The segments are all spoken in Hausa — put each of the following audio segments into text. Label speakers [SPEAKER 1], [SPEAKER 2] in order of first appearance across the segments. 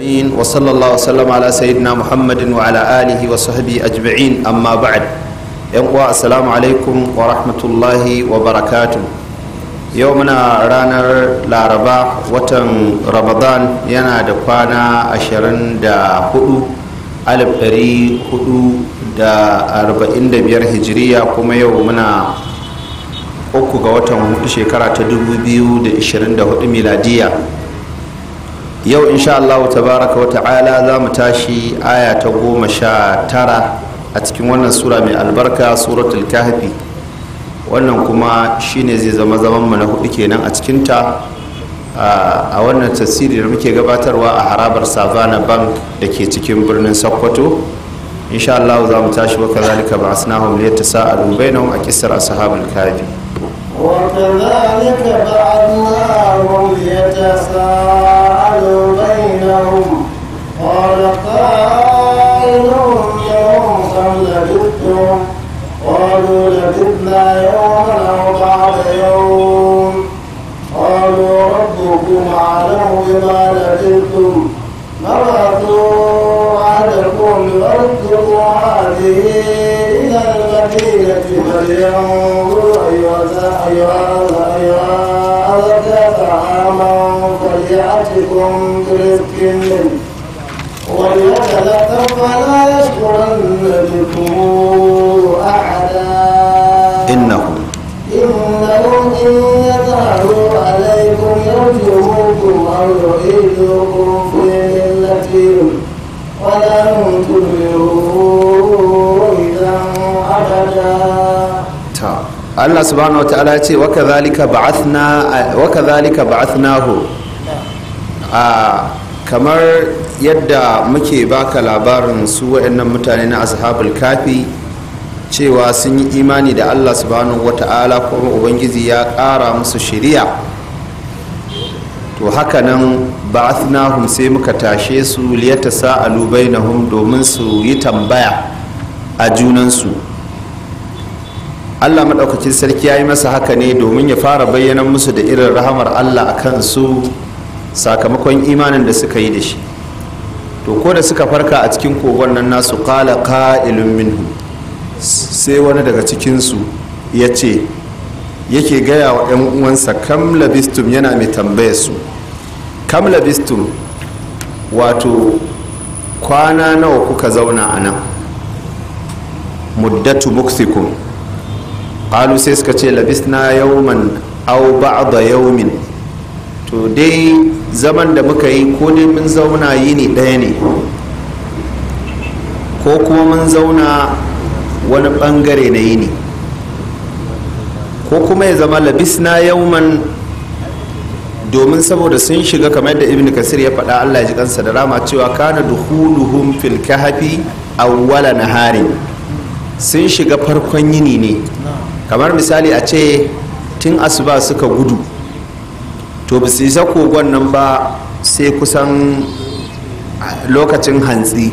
[SPEAKER 1] أجمعين وصلى الله وسلم على سيدنا محمد وعلى آله وصحبه أجمعين أما بعد يقوى السلام عليكم ورحمة الله وبركاته يومنا رانا لاربا وتن رمضان ينا دقانا أشرن دا هدو ألب أري هدو دا أربعين دا بيار هجرية كما يومنا uku ga watan hudu shekara ta 2024 miladiya yau insha Allah tabaraka wa ta'ala za mu tashi aya ta goma sha tara a cikin wannan sura mai albarka suratul kahfi wannan kuma shine zai zama zaman mu na hudu kenan a cikin ta a wannan tasiri da muke gabatarwa a harabar savana bank da ke cikin birnin sokoto insha Allah za mu tashi wa kazalika asnahum liyatasaalu bainahum a qissar ashabul kahfi
[SPEAKER 2] وكذلك بعثناهم ليتساءلوا بينهم قال قائل يوم كم لبثتم قالوا لبثنا يوما او بعد يوم قالوا ربكم اعلم بما لبثتم نبعثوا الذين فلينظر أيها أيها أذكى طعاما فليأتكم برزق منه وليتلطف ولا يشكرن
[SPEAKER 1] بكم أحدا إنه إنهم إن يظهروا عليكم
[SPEAKER 2] يرجموكم أو يعيدوكم
[SPEAKER 1] Allah subhanahu wataala ya ce wa zalika ba'athnahu a kamar yadda muke baka labarin su waɗannan mutane na ashabul kafi cewa sun yi imani da Allah subhanahu ta'ala kuma ubangiji ya ƙara musu shiriya to haka nan, hakanan ba'athnahum sai muka tashe su liyata sa'alu bainahum domin su yi tambaya a junansu allah maɗaukacin sarki ya yi masa haka ne domin ya fara bayyana musu da irin rahamar allah a kansu sakamakon imanin da suka yi da shi to ko da suka farka a cikin kogon nan nasu kala ka'ilun minhu sai wani daga cikinsu ya ce yake gaya wa 'yan uwansa kam labistum yana mai tambaya su kam labistum wato kwana nawa kuka zauna a nan muddatu muksikun qalu sai suka ce labisna yawman aw ba'da yawmin to dai zaman da muka yi ko dai mun zauna yini ɗaya ne ko kuma mun zauna wani ɓangare na yini ko kuma ya zama labisna yawman domin saboda sun shiga kamar da ibn kasir ya faɗa allah ji kansa da rama cewa kana duhuluhum fil kahfi na naharin sun shiga farkon yini ne kamar misali a ce tun asuba suka gudu to ba su isa kogon nan ba sai kusan lokacin hantsi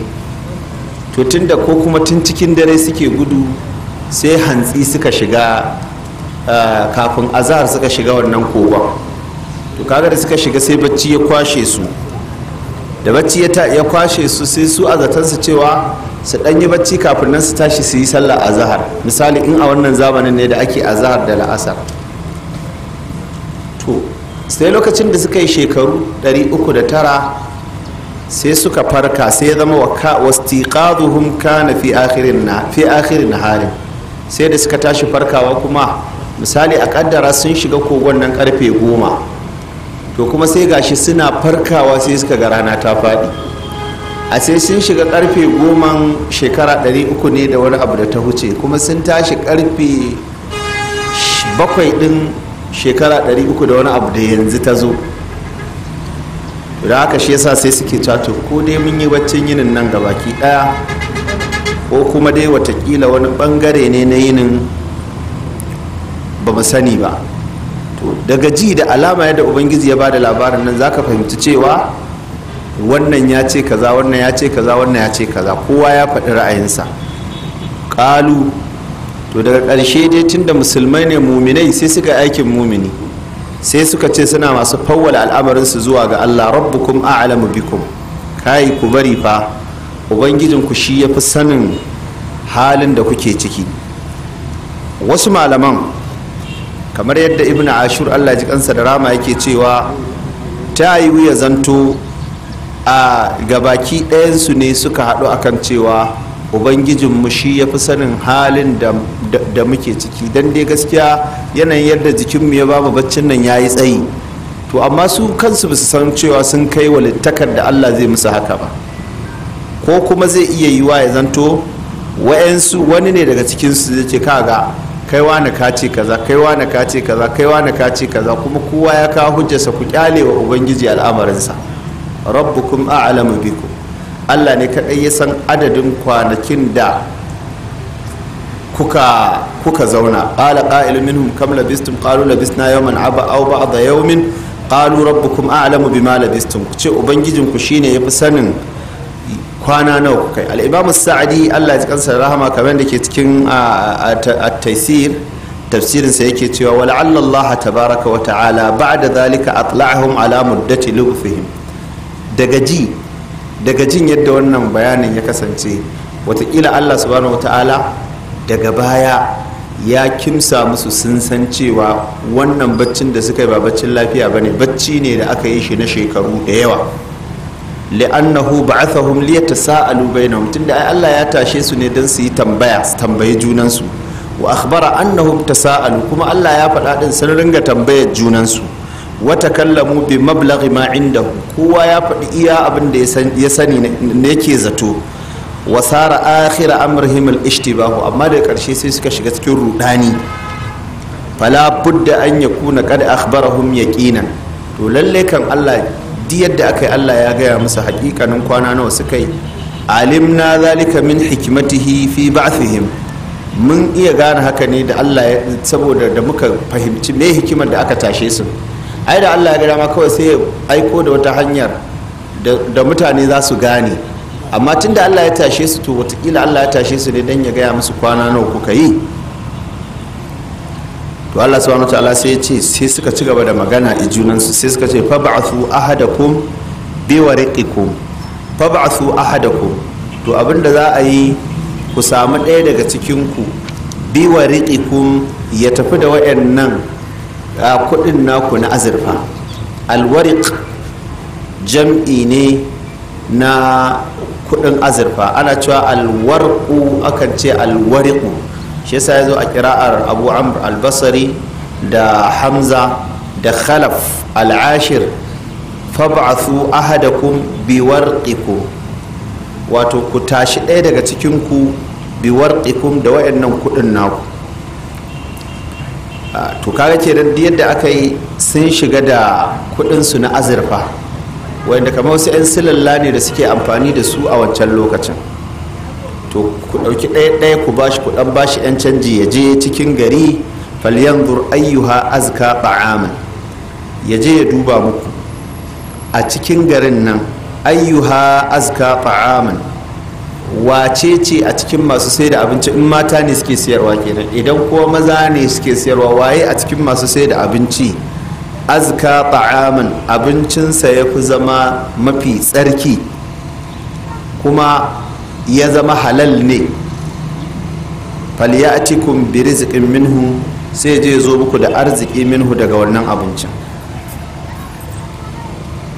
[SPEAKER 1] to tun da ko kuma tun cikin dare suke gudu sai hantsi suka shiga eh, kafin azahar suka shiga wannan kogon to kaga da suka shiga sai bacci ya kwashe su da bacci ya kwashe su sai su a su cewa su dan yi bacci kafin nan su tashi su yi sallah a zahar misali in a wannan zamanin ne da ake a zahar da la'asar to sai lokacin da suka yi shekaru 309 sai suka farka sai ya zama wastiqaduhum kana fi akhirin na fi akhirin halin sai da suka tashi farkawa kuma misali a kaddara sun shiga kogon nan karfe goma to kuma sai gashi suna farkawa sai suka ga rana ta faɗi a sai sun shiga karfe goman shekara 300 ne da wani abu da ta huce kuma sun tashi karfe bakwai din shekara 300 da wani abu da yanzu ta zo da haka shi yasa sai suke cato ko dai mun yi baccin yinin nan gabaki daya ko kuma dai watakila wani bangare ne na yinin ba mu sani ba daga ji da alama yadda ubangiji ya ba da labarin nan zaka fahimci cewa wannan ya ce kaza wannan ya ce kaza wannan ya ce kaza kowa ya faɗi ra'ayinsa ƙalu to daga ƙarshe dai tunda musulmai ne muminai sai suka aikin mumini sai suka ce suna masu fawwala al'amarinsu zuwa ga allah rabbukum a'lamu bikum kai ku bari fa ubangijin ku shi ya fi sanin halin da kuke ciki wasu malaman kamar yadda ibn ashur allah ji kansa da rama yake cewa ta yi wuya zanto a gabaki ɗayansu ne suka haɗu kan cewa ubangijinmu shi ya fi sanin halin da muke ciki don dai gaskiya yanayin yadda jikinmu ya ba mu baccin nan ya yi tsayi to amma su kansu basu san cewa sun kai walittakar da allah zai musu haka ba ko kuma zai iya yiwa ya zanto wa'yansu wani ne daga cikinsu zai ce kaga kai na ka kaza kai na ka kaza kai na ka kaza kuma kowa ya kawo hujjarsa ku kyale wa ubangiji al'amarinsa rabbukum a'lamu bikum Allah ne kadai ya san adadin kwanakin da kuka kuka zauna qala qa'ilun minhum kam labistum qalu labisna yawman aba aw ba'da yawmin qalu rabbukum a'lamu bima labistum ku ce ubangijinku shine yafi sanin kwana nawa kai alimamu sa'adi Allah ya kansa rahama kamar da ke cikin a taisir tafsirin sa yake cewa wa la'alla tabaraka wa ta'ala ba'da zalika atla'ahum ala muddati lubfihim daga ji daga jin yadda wannan bayanin ya kasance watakila Allah subhanahu wa ta'ala daga baya ya kimsa musu sun san cewa wannan baccin da suka yi ba baccin lafiya ba ne bacci ne da aka yi shi na shekaru da yawa li'annahu ba'athahum liyatasaalu bainahum tunda ai Allah ya tashe su ne dan su yi tambaya su tambayi junan su wa akhbara annahum kuma Allah ya faɗa ɗin sun ringa tambaya junansu wata kallamu takallamu bi mablaghi ma inda kowa ya faɗi iya abin da ya sani ne yake zato wa sara akhira amrihim al-ishtibahu amma da karshe sai suka shiga cikin rudani fala budda an yakuna qad ya yaqinan to lallai kan Allah duk yadda aka yi allah ya gaya musu hakikanin kwana nawa suka yi alimna zalika min hikimatihi fi ba'thihim mun iya gane haka ne da allah saboda da muka fahimci me hikimar da aka tashe su ai da allah ya gada ma kawai sai ya aiko da wata hanyar da mutane za su gane amma tun da allah ya tashe su to watakila allah ya tashe su ne don ya gaya musu kwana nawa kuka yi to Allah subhanahu ta'ala sai ya ce sai suka ci gaba da magana a su sai suka ce ba'athu ahadakum bi wariqikum ba'athu ahadakum to abinda za a yi ku samu ɗaya daga cikin ku bi wariqikum ya tafi da wayannan kuɗin naku na azurfa alwariq jam'i ne na kuɗin azurfa ana cewa alwarqu akan ce alwariku shi yasa ya zo a kira'ar abu amr albasari da hamza da khalaf al'ashir fab'athu ahadakum biwarqikum wato ku tashi ɗaya daga cikin ku biwarqikum da wayannan kuɗin naku ah, to kaga ke yadda aka yi sun shiga da kuɗin su na azurfa wanda kamar wasu 'yan silalla ne da suke amfani da su a wancan lokacin to ku ɗauki ɗaya ɗaya ku bashi ku ɗan bashi yan canji ya je cikin gari falyanzur ayyuha azka ta'aman ya je ya duba muku a cikin garin nan ayyuha azka ta'aman wace ce a cikin masu sai da abinci in mata ne suke siyarwa kenan idan kuma maza ne suke siyarwa waye a cikin masu sai da abinci azka ta'aman abincinsa ya fi zama mafi tsarki kuma ya zama halal ne falyatikum bi rizqin minhu sai je zo muku da arziki minhu daga wannan abincin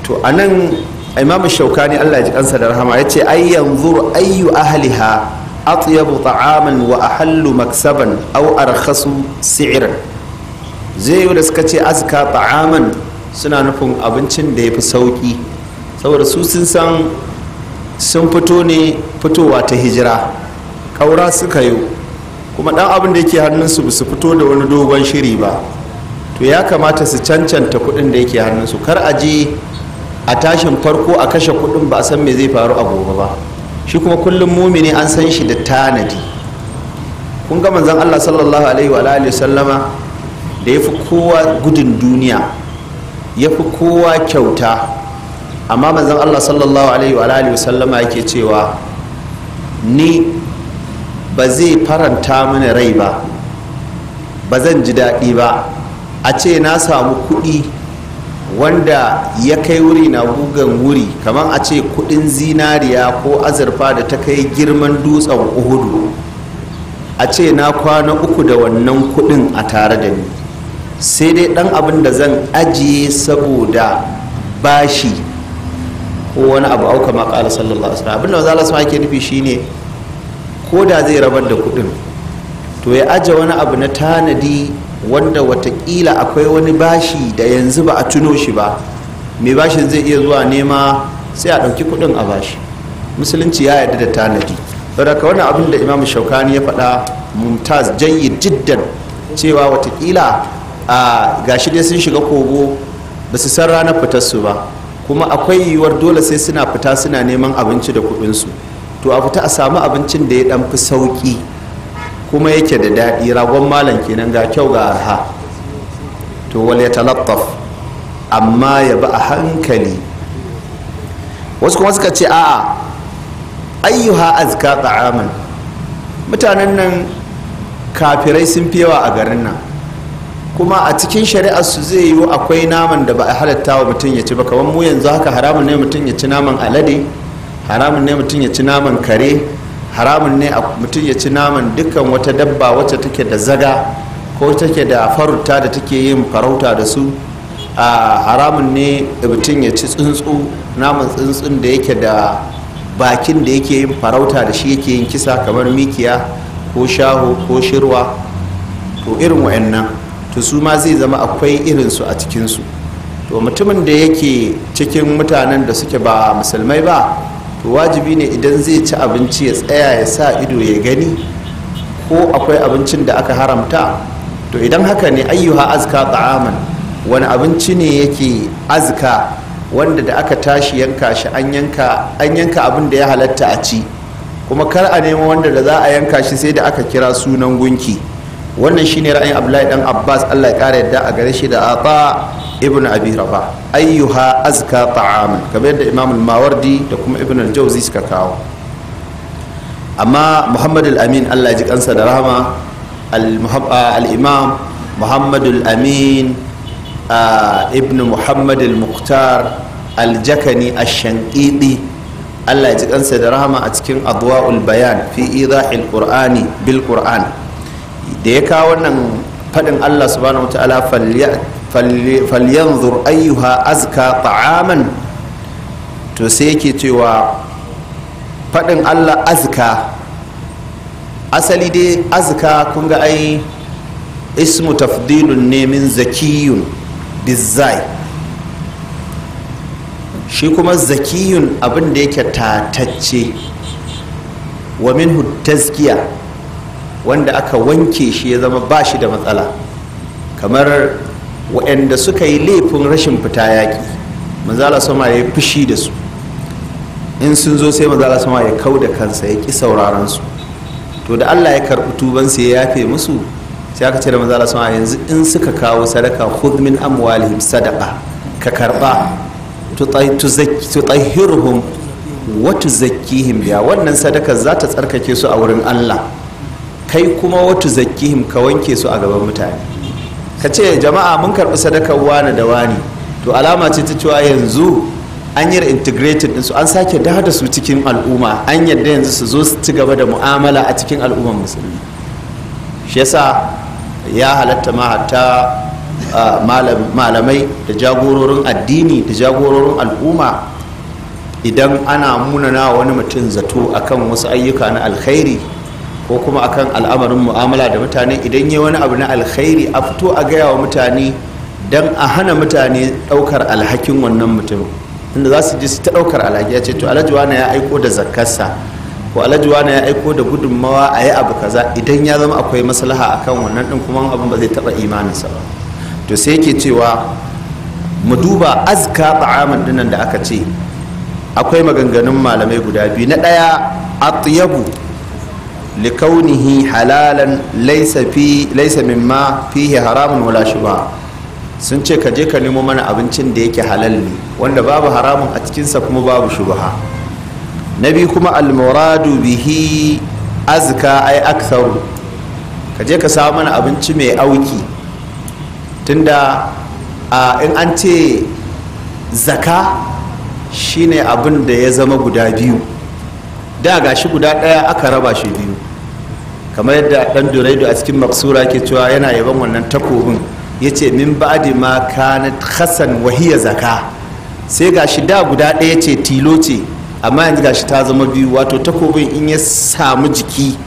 [SPEAKER 1] to anan imamu shaukani Allah ya ji kansa da rahama Yace ce ai yanzu ahliha atyabu ta'aman wa ahallu maksaban aw arkhasu si'ran zai yi da suka ce azka ta'aman suna nufin abincin da ya fi sauki saboda su sun san sun fito ne fitowa ta hijira ƙaura suka yi kuma ɗan abin da yake hannunsu ba su fito da wani dogon shiri ba to ya kamata su cancanta kuɗin da yake hannunsu kar a je a tashin farko a kashe kuɗin ba a san me zai faru a gobe ba shi kuma kullum mumini an san shi da tanadi kun ga manzon Allah sallallahu alaihi wa alihi sallama da ya fi kowa gudun duniya ya fi kowa kyauta amma manzon Allah sallallahu alaihi wa alihi sallama yake cewa ni ba zai faranta mini rai ba ba zan ji daɗi ba a ce na samu kuɗi wanda ya kai wuri na gugan wuri kamar a ce kuɗin zinariya ko azurfa da ta kai girman dutsen uhudu a ce na kwana uku da wannan kuɗin a tare da ni sai dai ɗan abin da zan ajiye saboda bashi ko wani abu auka kama qala sallallahu alaihi wasallam abinda manzo Allah nufi shine ko da zai rabar da kuɗin to ya aje wani abu na tanadi wanda watakila akwai wani bashi da yanzu ba a tuno shi ba mai bashin zai iya zuwa nema sai a ɗauki kuɗin a bashi musulunci ya yarda da tanadi saboda wani abin da imam shaukani ya faɗa mumtaz janyi jiddan cewa watakila a gashi dai sun shiga kogo ba su san ranar fitar su ba kuma akwai yiwuwar dole sai suna fita suna neman abinci da kuɗinsu to a fita a samu abincin da ya ɗan fi sauƙi kuma yake da daɗi ragon malam kenan ga kyau ga arha to wal ya talattaf amma ya bi a hankali wasu kuma suka ce a'a ayyuha azka ta'aman mutanen nan kafirai sun fi yawa a garin nan kuma a cikin shari'ar su zai yiwu akwai naman da ba a halatta wa mutum ya ci ba kamar mu yanzu haka haramun ne mutum ya ci naman alade haramun ne mutum ya ci naman kare haramun ne mutum ya ci naman dukkan wata dabba wacce take da zaga ko take da farauta da take yin farauta da su a haramun ne mutum ya ci tsuntsu naman tsuntsun da yake da bakin da yake yin farauta da shi yake yin kisa kamar mikiya ko shaho ko shirwa to irin wa'annan to su ma zai zama akwai irin su a cikin su? to mutumin da yake cikin mutanen da suke ba musulmai ba to wajibi ne idan zai ci abinci ya tsaya ya sa ido ya gani ko akwai abincin da aka haramta to idan haka ne ayyuha azka ta'aman wani abinci ne yake azka wanda da aka tashi yanka shi an yanka an yanka abin da ya halatta a ci kuma kar a nemo wanda da za a yanka shi sai da aka kira sunan gunki wannan shine ra'ayin abdullahi dan abbas allah ya kara yadda a gare shi da ata ibn abi rabah ayyuha azka ta'aman kamar yadda imam al-mawardi da kuma ibn al-jawzi suka kawo amma muhammad al-amin allah ji kansa da rahama ah, al-imam muhammad al-amin ah, ibn muhammad al-muqtar al-jakani ash-shanqidi allah ji kansa da rahama a cikin adwa'ul bayan fi idahil qur'ani bil qur'an da ya kawo wannan faɗin Allah subhanahu wa ta'ala falyanzur ayyuha azka ta'aman to sai yake cewa faɗin Allah azka asali dai azka kun ga ai ismu tafdilun ne min zakiyun bizai shi kuma zakiyun abin da yake tatacce wa minhu tazkiya wanda aka wanke shi ya zama ba shi da matsala kamar waɗanda suka yi laifin rashin fita yaƙi manzala sama ya fushi da su in sun zo sai manzala sama ya kau da kansa ya ƙi sauraron su to da allah ya karɓi tubansu ya yafe musu sai aka ce da manzala sama yanzu in suka kawo sadaka khudh min amwalihim sadaqa ka karɓa tutahhiruhum wa tuzakkihim biya wannan sadaka za ta tsarkake su a wurin allah kai kuma watu zakihim ka wanke su a gaban mutane ka ce jama'a mun karɓi sadakar wani da wani to alama ce ta cewa yanzu an yi integrated ɗinsu an sake dada da su cikin al'umma an yadda yanzu su zo su ci gaba da mu'amala a cikin al'ummar musulmi shi yasa ya halatta ma hatta malamai da jagororin addini da jagororin al'umma idan ana munana wani mutum zato akan wasu ayyuka na alkhairi ko kuma akan al'amarin mu'amala da mutane idan ya wani abu na alkhairi a fito a gaya wa mutane don a hana mutane ɗaukar alhakin wannan mutum inda za su ji su ta ɗaukar alhaki ya ce to alhaji ya aiko da zakkarsa ko alhaji ya aiko da gudunmawa a yi abu kaza idan ya zama akwai maslaha akan wannan ɗin kuma abin ba zai taɓa imaninsa ba to sai yake cewa mu duba azka ta'aman dinnan da aka ce akwai maganganun malamai guda biyu na ɗaya atyabu likaunihi halalan laisa mimma fihi haramun wala shubha sun ce ka je ka nemo mana abincin da yake halal ne wanda babu haramun a cikinsa kuma babu shubha na biyu kuma almuradu bihi azka ai aktharu ka je ka samu mana abinci mai auki tunda a in an ce zaka shine abin da ya zama guda biyu da gashi guda ɗaya aka raba shi biyu kamar yadda dan duraido a cikin maksura ke cewa yana yaban wannan takobin ya ce min ba'di ma kana hasan wahiya zaka sai gashi da guda ɗaya ce tilo ce amma yanzu gashi ta zama biyu wato takobin in ya samu jiki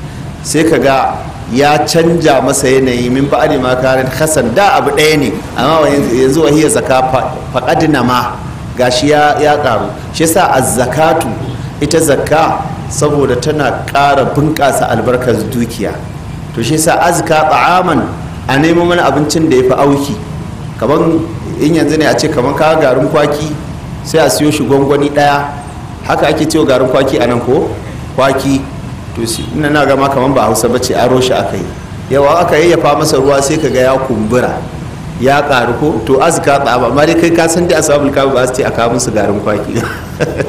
[SPEAKER 1] sai ka ga ya canja masa yanayi min ba'di ma kana hasan da abu ɗaya ne amma yanzu wahiya zaka faƙadina ma gashi ya karu shi sa az-zakatu ita zakka saboda tana ƙara bunƙasa albarkar dukiya to shi sa azka ta'aman a neman mana abincin da ya fi auki kaman in yanzu ne a ce kaman ka garin kwaki sai a siyo shi gwangwani ɗaya haka ake cewa garin kwaki a nan ko kwaki to ina na gama kaman ba hausa bace aro shi aka yi yawa aka yayyafa masa ruwa sai ka ga ya kumbura ya karu ko to azka ta'ama amma dai kai ka san dai asabul kabu ba su ce a kawo musu garin kwaki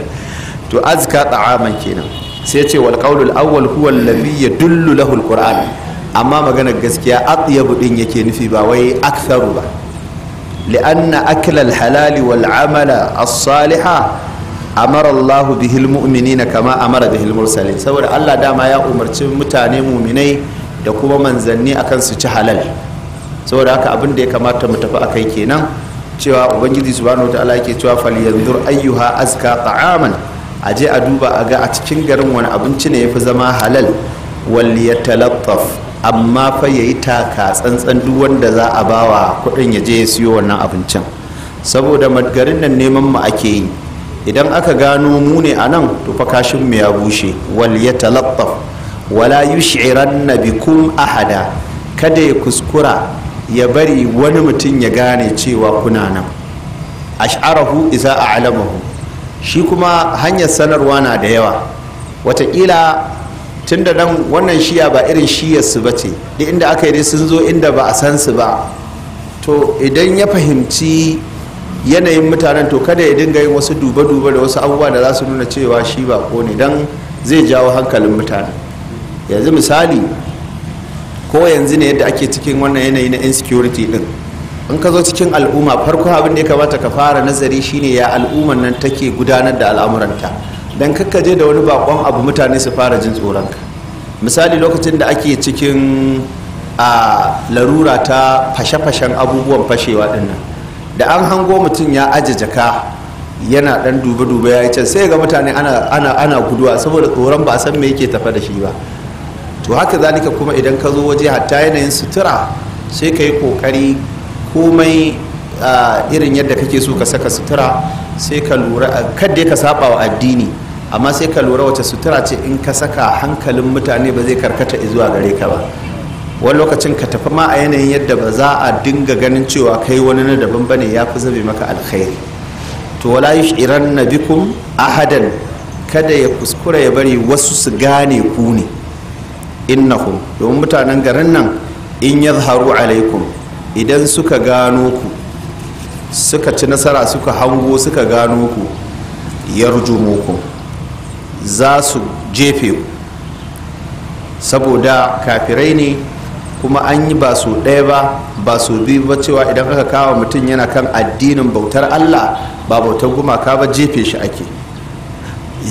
[SPEAKER 1] to azka ta'aman kenan sai ce wal qawlul awwal huwa alladhi yadullu lahu alquran amma magana gaskiya atyabu din yake nufi ba wai aktharu ba li'anna akla halali wal amala as-saliha amara Allah bihi almu'minina kama amara bihi almursalin saboda Allah dama ya umarci mutane mu'minai da kuma manzanni akan su ci halal saboda haka abin da ya kamata mu tafi akai kenan cewa ubangiji subhanahu wataala yake cewa falyanzur ayyuha azka ta'aman a je a duba a ga a cikin garin wani abinci ne ya fi zama halal wal ya talattaf amma fa ya yi taka tsantsan duk wanda za a bawa kudin ya je ya siyo wannan abincin saboda garin nan neman mu ake yi idan aka gano mu ne a nan to kashin mu ya bushe wal ya talattaf wala yushiran bikum ahada kada ya kuskura ya bari wani mutum ya gane cewa kuna nan ash'arahu iza a'lamahu shi kuma hanyar sanarwa na da yawa watakila tun da nan wannan shiya ba irin shiyarsu ba ce duk inda aka yi sun zo inda ba a san su ba to idan ya fahimci yanayin mutanen to kada ya dinga yin wasu duba-duba da wasu abubuwa da za su nuna cewa shi ba ko ne don zai jawo hankalin mutane yanzu misali ko yanzu ne yadda ake cikin wannan yanayi na insecurity din in ka zo cikin al'umma farko abin da ya kamata ka fara nazari shine ya al'umman nan take gudanar da al'amuranta dan kakka je da wani bakon abu mutane su fara jin tsoron tsoronka misali lokacin da ake cikin a larura ta fashe-fashen abubuwan fashewa dinnan da an hango mutum ya aje jaka yana dan dube-dube ya yi can sai ga mutane ana guduwa saboda tsoron ba a san me yake tafa da shi ba to haka zalika kuma idan ka zo waje hatta yanayin sutura sai ka yi kokari komai irin yadda kake so ka saka sutura sai ka lura kada ka saba wa addini amma sai ka lura wace sutura ce in ka saka hankalin mutane ba zai karkata zuwa gare ka ba wani lokacin ka tafi ma a yanayin yadda ba za a dinga ganin cewa kai wani na daban bane ya fi zabe maka alkhairi to wala yushiran na ahadan kada ya kuskura ya bari wasu su gane ku ne innahum domin mutanen garin nan in yadharu alaikum idan suka gano ku suka ci nasara suka hango suka gano ku ya ku za su jefe ku saboda kafirai ne kuma an yi ba su ɗaya ba ba su biyu ba cewa idan aka kawo mutum yana kan addinin bautar allah ba bautar gumaka ba jefe shi ake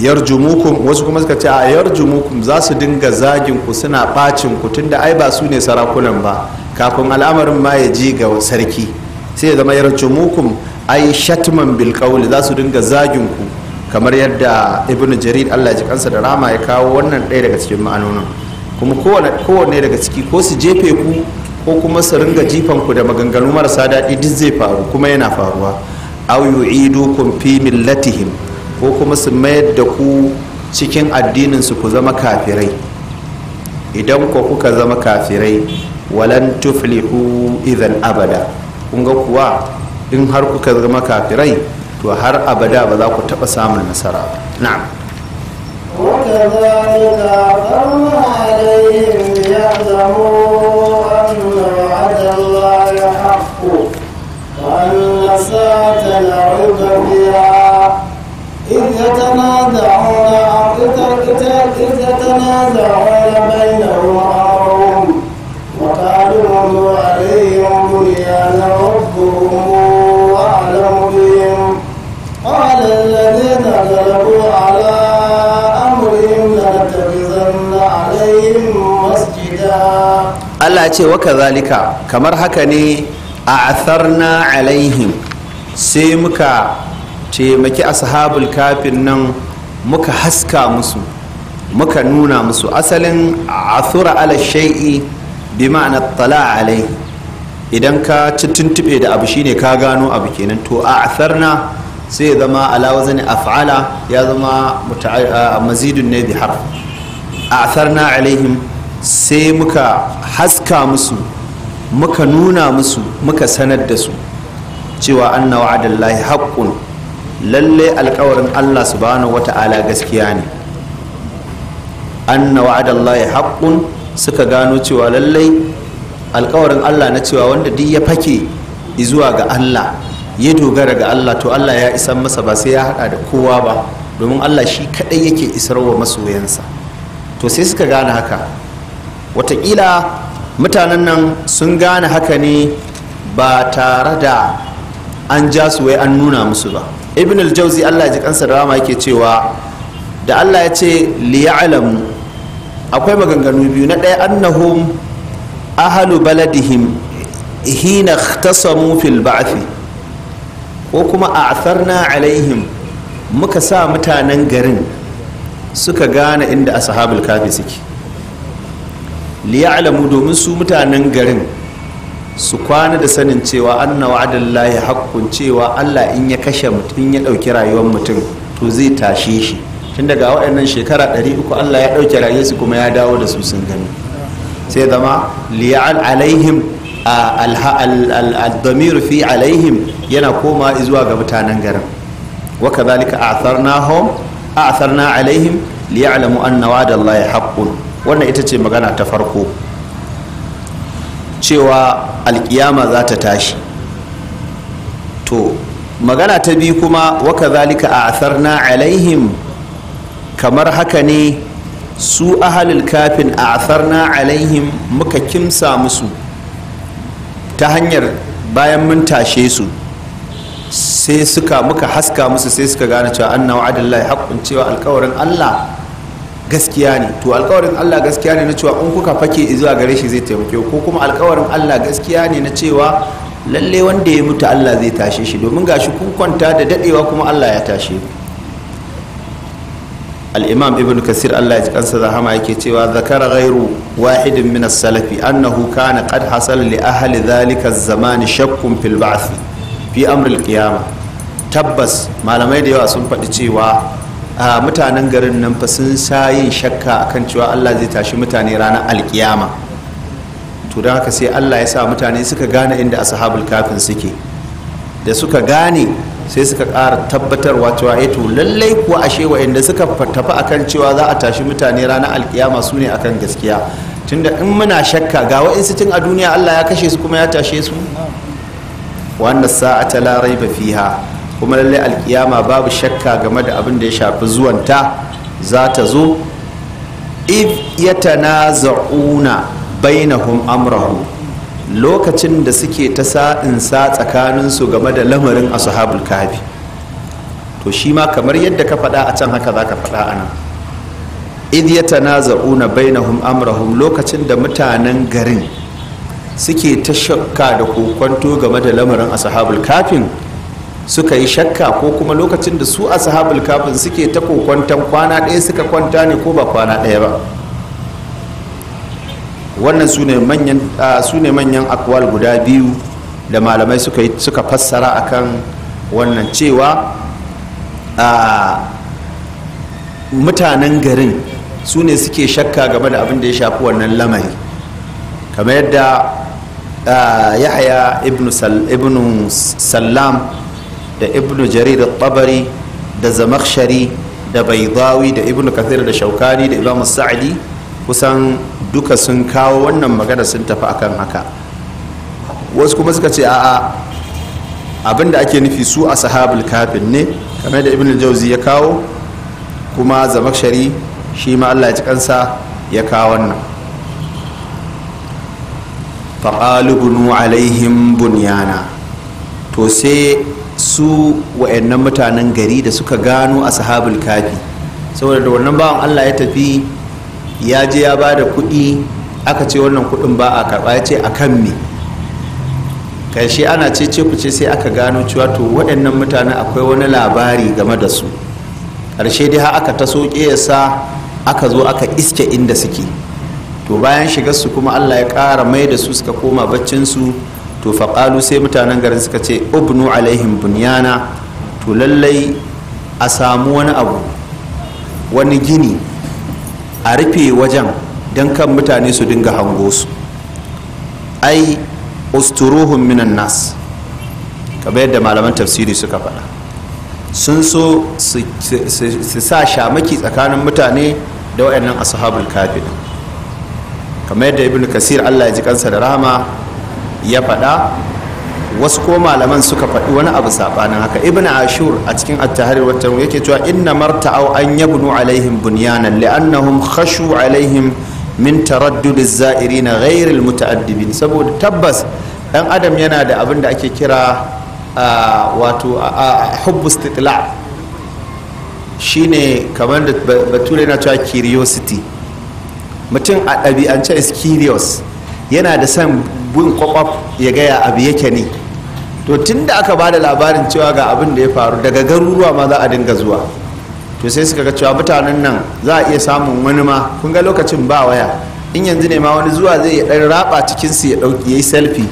[SPEAKER 1] yarjumukum wasu kuma suka ce a yarjumukum za su dinga zagin ku suna bacin ku tunda ai ba su ne sarakunan ba kafin al'amarin ma ya ji ga sarki sai ya zama yarjumukum ai shatman bil qawli za su dinga zagin ku kamar yadda ibnu jarir Allah ji kansa da rama ya kawo wannan ɗaya daga cikin ma'anonin kuma kowane daga ciki ko su jefe ku ko kuma su ringa jifan ku da maganganu marasa daɗi duk zai faru kuma yana faruwa au yu'idukum fi millatihim ko kuma su mayar da ku cikin addininsu ku zama kafirai idan ku kuka zama kafirai walan tuflihu idan abada kun ga kuwa in har kuka zama kafirai to har abada ba za ku taɓa samun nasara ba na'am
[SPEAKER 2] يتنازعون إذ يتنازعون بينهم أمرهم وكانوا عليهم بنيانا ربهم أعلم بهم قال الذين غلبوا على أمرهم لنتخذن عليهم مسجدا
[SPEAKER 1] Allah ce waka zalika kamar haka ne a atharna alaihim sai muka taimaki ashabul kafin nan muka haska musu muka nuna musu asalin athura ala shai'i bi ma'ana tala alai idan ka ci tuntube da abu shine ka gano abu kenan to a atharna sai ya zama ala wazan af'ala ya zama mazidun ne bi har a atharna alaihim sai muka haska musu muka nuna musu muka sanar da su cewa anna wa'adallahi haƙƙun. lalle alkawarin Allah subhanahu wata'ala gaskiya ne anna wa'adallahi haqqun suka gano cewa lalle alkawarin Allah na cewa wanda duk ya fake zuwa ga Allah ya dogara ga Allah to Allah ya isan masa ba sai ya hada da kowa ba domin Allah shi kaɗai yake isar isarwa masoyansa to sai suka gane haka Wataƙila mutanen nan sun gane haka ne ba tare da an ja su wai an nuna musu ba ibn al jawzi Allah ji kansa da rama yake cewa da Allah ya ce liya'lamu akwai maganganu biyu na ɗaya annahum ahalu baladihim hina ikhtasamu fil ba'thi ko kuma a a'tharna alaihim muka sa mutanen garin suka gane inda ashabul kafi suke liya'lamu domin su mutanen garin su kwana da sanin cewa anna lahi hakkun cewa Allah in ya kashe mutum ya ɗauki rayuwar mutum to zai tashe shi tun daga waɗannan shekara ɗari uku Allah ya ɗauki rayuwar su kuma ya dawo da su sun gani sai zama liya'al alaihim al-damir fi alaihim yana koma zuwa ga mutanen garin wa kadhalika a'tharnahum a'tharna alaihim liya'lamu anna ya haqqun wannan ita ce magana ta farko cewa alkiyama za ta tashi to magana ta biyu kuma waka zalika a na alaihim kamar haka ne su ahalil kafin a na alaihim muka kimsa musu ta hanyar bayan mun tashe su sai suka muka haska musu sai suka gane cewa annawa adallahi haƙƙun cewa alkawarin allah gaskiya ne to alkawarin Allah gaskiya ne na cewa in kuka fake zuwa gare shi zai taimake ko kuma alkawarin Allah gaskiya ne na cewa lalle wanda ya mutu Allah zai tashe shi domin gashi kun kwanta da dadewa kuma Allah ya tashe al-imam ibn kasir Allah ya kansa da hama yake cewa zakara ghairu wahidin min as-salafi annahu kana qad hasan li ahli dhalika az-zaman shakkun fil ba'th fi amr al-qiyamah tabbas malamai da yawa sun faɗi cewa a mutanen garin nan fa sun sa yin shakka akan cewa Allah zai tashi mutane ranar alkiyama to don haka sai Allah ya sa mutane suka gane inda ashabul kafin suke da suka gane sai suka ƙara tabbatarwa cewa eh to lallai kuwa ashe wa'anda suka tafi akan cewa za a tashi mutane ranar alkiyama su ne akan gaskiya tunda in muna shakka ga wa'insu tun a duniya Allah ya kashe su kuma ya tashe su wannan sa'a ta larai ba fiha kuma lallai alkiyama babu shakka game da abin da ya shafi zuwanta za ta zo if yatanaza'una bainahum amrahu lokacin da suke ta sa'insa tsakaninsu game da lamarin ashabul kafi to shi ma kamar yadda ka faɗa a can haka za ka faɗa a nan id yatanaza'una bainahum amrahum lokacin da mutanen garin suke ta shakka da kokonto game da lamarin ashabul kafin suka yi shakka ko kuma lokacin da su ashabul kafin suke ta kokwantan kwana ɗaya suka kwanta ne ko ba kwana ɗaya ba wannan su ne manyan su manyan akwal guda biyu da malamai suka suka fassara akan wannan cewa mutanen garin su ne suke shakka game da abin da ya shafi wannan lamari kamar yadda yahaya ibn sallam da ibn jarir tabari da zamakshari da baidawi da ibn kathir da shaukani da imam sa'adi kusan duka sun kawo wannan magana sun tafi akan haka wasu kuma suka ce a'a abinda ake nufi su a sahabul kafin ne kamar da ibn jauzi ya kawo kuma zamakshari shi ma allah ya ci kansa ya kawo wannan faƙalu bunu alaihim bunyana to sai su wa'annan mutanen gari da suka gano ashabul kafi saboda da wannan bawan Allah ya tafi ya je ya ba da kuɗi aka ce wannan kuɗin ba a karɓa ya ce a kan me karshe ana ce ce ku ce sai aka gano cewa to waɗannan mutane akwai wani labari game da su karshe dai har aka taso sa aka zo aka iske inda suke to bayan shigar su kuma Allah ya ƙara mai da su suka koma baccin su to faƙalu sai mutanen garin suka ce ubnu alaihim bunyana to lallai a samu wani abu wani gini a rufe wajen don kan mutane su dinga hango su ai usturuhun minan nas kamar yadda malaman tafsiri suka faɗa sun so su sa shamaki tsakanin mutane da waɗannan ashabul kafin kamar yadda ibn kasir allah ya ji kansa da rahama ya faɗa wasu ko malaman suka faɗi wani abu saɓanin haka ibn ashur a cikin at wata wa yake cewa inna au an yabnu alaihim bunyanan li'annahum khashu alaihim min taraddud zairina zairin ghayr mutaaddibin saboda tabbas ɗan adam yana da abin da ake kira wato hubbu istitla' shine kamar da bature na cewa curiosity mutum a ɗabi'ance is curious yana da San. bin kwakwaf ya gaya abu yake ne to tun da aka ba da labarin cewa ga abin da ya faru daga garuruwa ma za a dinga zuwa to sai suka ga cewa mutanen nan za a iya samun wani ma kun ga lokacin ba waya in yanzu ne ma wani zuwa zai ya dan raba cikin su ya dauki yayi selfie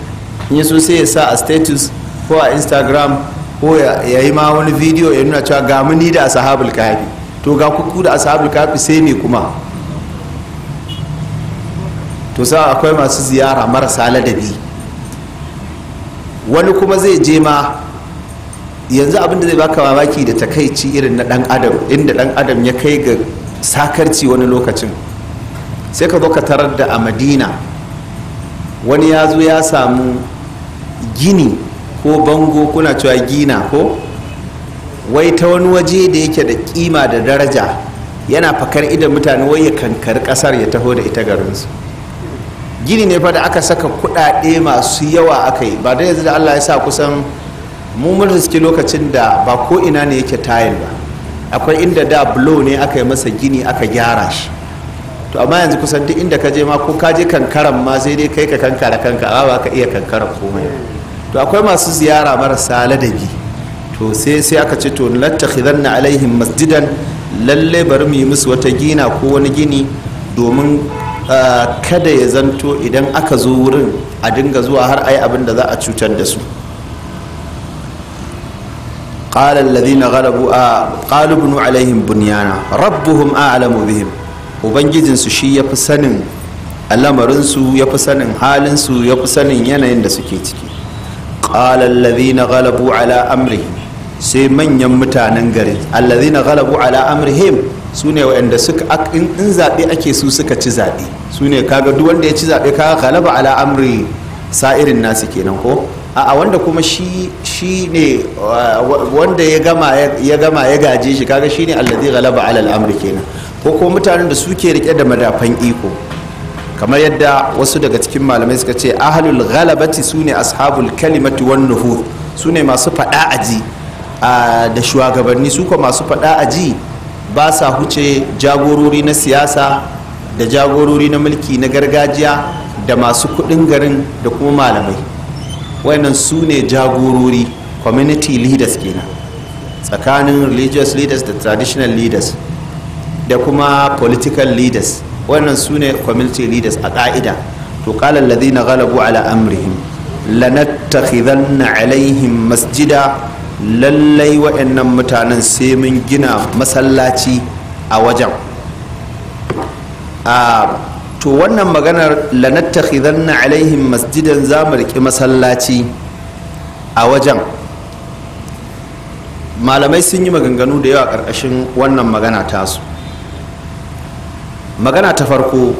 [SPEAKER 1] in ya so sai ya sa a status ko a instagram ko ya yi ma wani video ya nuna cewa ga ni da ashabul kafi to ga kuku da ashabul kafi sai ne kuma to sa akwai masu ziyara marasa ladabi wani kuma zai je ma yanzu abin da zai baka mamaki da takaici irin na dan adam inda dan adam ya kai ga sakarci wani lokacin sai ka zo ka tarar da a madina wani ya zo ya samu gini ko bango kuna cewa gina ko wai ta wani waje da yake da kima da daraja yana fakar idan mutane wai ya kankar kasar ya taho da ita garinsu gini ne fa da aka saka kuɗaɗe masu yawa aka yi ba da yanzu da allah ya sa kusan mu suke lokacin da ba ko ina ne yake tayin ba akwai inda da bulo ne aka yi masa gini aka gyara shi to amma yanzu kusan duk inda ka je ma ko ka je kankaran ma sai dai kai ka kankara kanka ba ka iya kankara komai to akwai masu ziyara marasa ladabi to sai sai aka ce to lattakhidanna alaihim masjidan lalle bari mu yi musu wata gina ko wani gini domin Uh, kada ya zanto idan aka zo wurin a dinga zuwa har a yi abin da za a cutar da su ƙalar lalina galabu a uh, ƙalubinu alaihim bunyana rabbuhum a'lamu bihim ubangijinsu shi ya fi sanin al'amarinsu ya fi sanin halinsu ya fi sanin yanayin da suke ciki ƙalar lalina galabu ala amrihim sai manyan mutanen gari allazina galabu ala amrihim su ne wa'anda suka in zaɓe ake su suka ci zaɓe su ne kaga duk wanda ya ci zaɓe kaga galaba ala amri sa'irin nasu kenan ko a wanda kuma shi ne uh, wanda ya gama ya gama ya gaje shi kaga shine allazi galaba ala al'amri kenan ko kuma mutanen da suke rike da madafan iko kamar yadda wasu daga cikin malamai suka ce ahlul ghalabati sune ashabul kalimati wan nuhur sune masu fada aji da shugabanni su ko masu faɗa aji ba sa huce jagorori na siyasa da jagorori na mulki na gargajiya da masu kudin garin da kuma malamai wannan su ne jagorori community leaders kenan tsakanin religious leaders da traditional leaders da kuma political leaders wannan su ne community leaders a ƙa'ida to ƙalar ladina galabu ala amrihim lanattakhidanna alaihim masjida lallai waɗannan mutanen sai mun gina masallaci a wajen to wannan maganar lanattakhidanna alaihim masjidan za mu riƙi masallaci a wajen malamai sun yi maganganu da yawa ƙarƙashin wannan magana tasu magana ta farko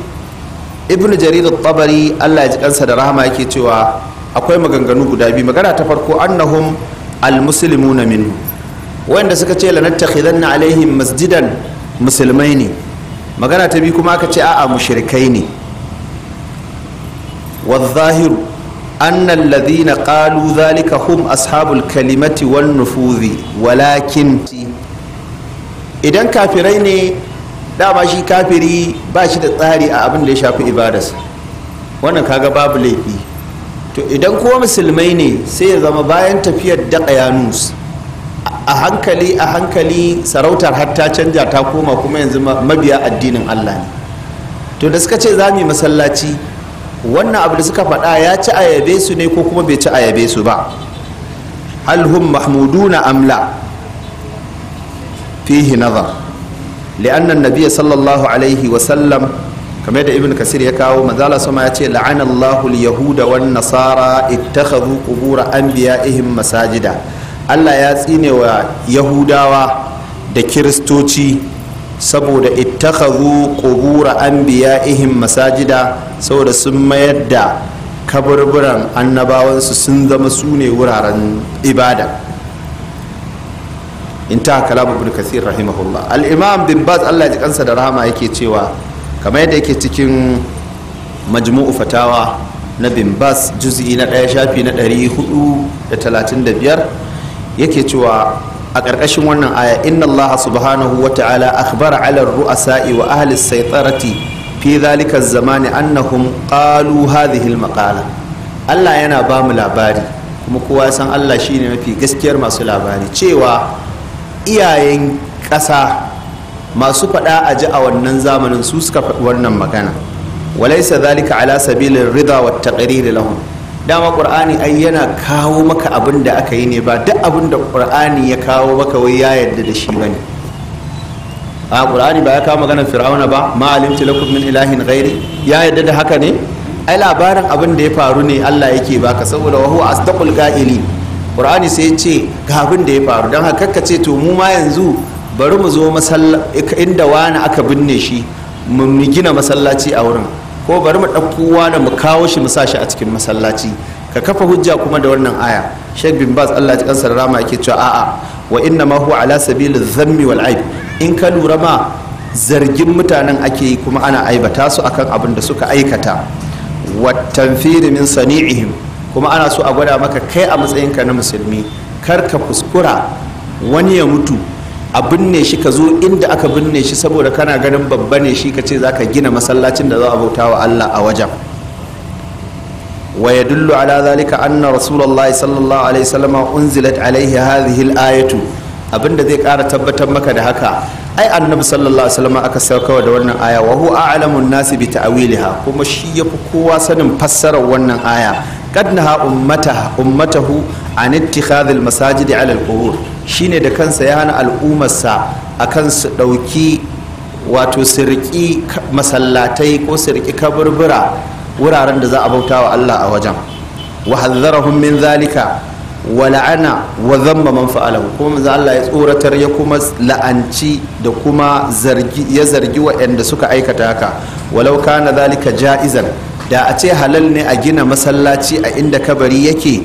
[SPEAKER 1] ibn jarir tabari allah ya ji kansa da rahama yake cewa akwai maganganu guda biyu magana ta farko annahum na minhu wanda suka ce na alaihim masjidan musulmai ne magana ta biyu kuma aka ce a'a mushrikai ne anna أن kalu zalika hum Ashabul-kalimati wan nufuzi walakin. idan kafirai ne dama shi kafiri ba shi da tsari a abin da ya shafi ibadarsa wannan kaga babu laifi to idan kuma musulmai ne sai ya zama bayan tafiyar daƙayanus a hankali a hankali sarautar har ta canja ta koma kuma yanzu mabiya addinin allah ne to da suka ce za mu yi masallaci wannan abu da suka faɗa ya ci ayabe su ne ko kuma bai ci yabe su ba Halhum Mahmudu mahmuduna amla fihi nazar li'annan Nabiya sallallahu alaihi wa kamar da ibn kasir ya kawo manzala sama ya ce la'anallahu al-yahuda wan nasara ittakhadhu biya anbiya'ihim masajida Allah ya tsine wa yahudawa da kiristoci saboda ittakhadhu biya anbiya'ihim masajida saboda sun mayar da kaburburan annabawansu sun zama su ne wuraren ibada ta kalamu ibn kasir rahimahullah al-imam bin baz Allah ya ji kansa da rahama yake cewa kamar yadda yake cikin majmu'u fatawa na bin bas juz'i na ɗaya shafi na 435 yake cewa a ƙarƙashin wannan aya inna allaha subhanahu wa ta'ala akhbara ala ru'asa'i wa ahli saitarati fi zalika zamani annahum qalu hadhihi makala Allah yana ba mu labari kuma kowa san Allah shine mafi gaskiyar masu labari cewa iyayen ƙasa masu faɗa a ji a wannan zamanin su suka faɗi wannan magana walaisa zalika ala sabilin rida wa taqriri lahum dama qur'ani ai yana kawo maka abin da aka yi ne ba duk abin da qur'ani ya kawo maka wai ya yarda da shi bane a qur'ani ba ya kawo maganar fir'auna ba ma alimtu lakum min ilahin ghairi ya yarda da haka ne ai labarin abin da ya faru ne Allah yake baka saboda wa huwa astaqul qa'ili qur'ani sai ya ce ga abin da ya faru dan haka ce to mu ma yanzu bari mu zo inda wani aka binne shi mu gina masallaci a wurin ko bari mu ɗauko wani mu kawo shi mu sa shi a cikin masallaci ka kafa hujja kuma da wannan aya shek bin Baz Allah ya kansar rama yake cewa a'a wa inna ma huwa ala sabilin zammi wal aib in ka lura ma zargin mutanen ake yi kuma ana aibata su akan abin da suka aikata wa tanfiri min sani'ihim kuma ana so a gwada maka kai a matsayinka na musulmi kar ka kuskura wani ya mutu a binne shi ka zo inda aka binne shi saboda kana ganin babba ne shi ka ce za ka gina masallacin da za a bauta wa Allah a wajen waya dullu ala zalika anna rasulullahi sallallahu alaihi wasallam unzilat alaihi hadhihi al-ayatu abinda zai kara tabbatar maka da haka ai annabi sallallahu alaihi wasallam aka saukawa da wannan aya wa huwa a'lamun nasi bi ta'wiliha kuma shi yafi kowa sanin fassarar wannan aya qad naha ummatahu ummatahu an ittikhadhil masajidi ala al-qubur shine da kansa ya hana al'ummarsa kan su ɗauki wato sirki masallatai ko sirki kaburbura wuraren da za a bauta wa Allah a wajen wa hadzarahum min zalika wa la'ana wa zamma man fa'alahu kuma manzo Allah ya tsoratar ya kuma la'anci da kuma zargi ya zargi waɗanda suka aikata haka walau kana zalika ja'izan da a ce halal ne a gina masallaci a inda kabari yake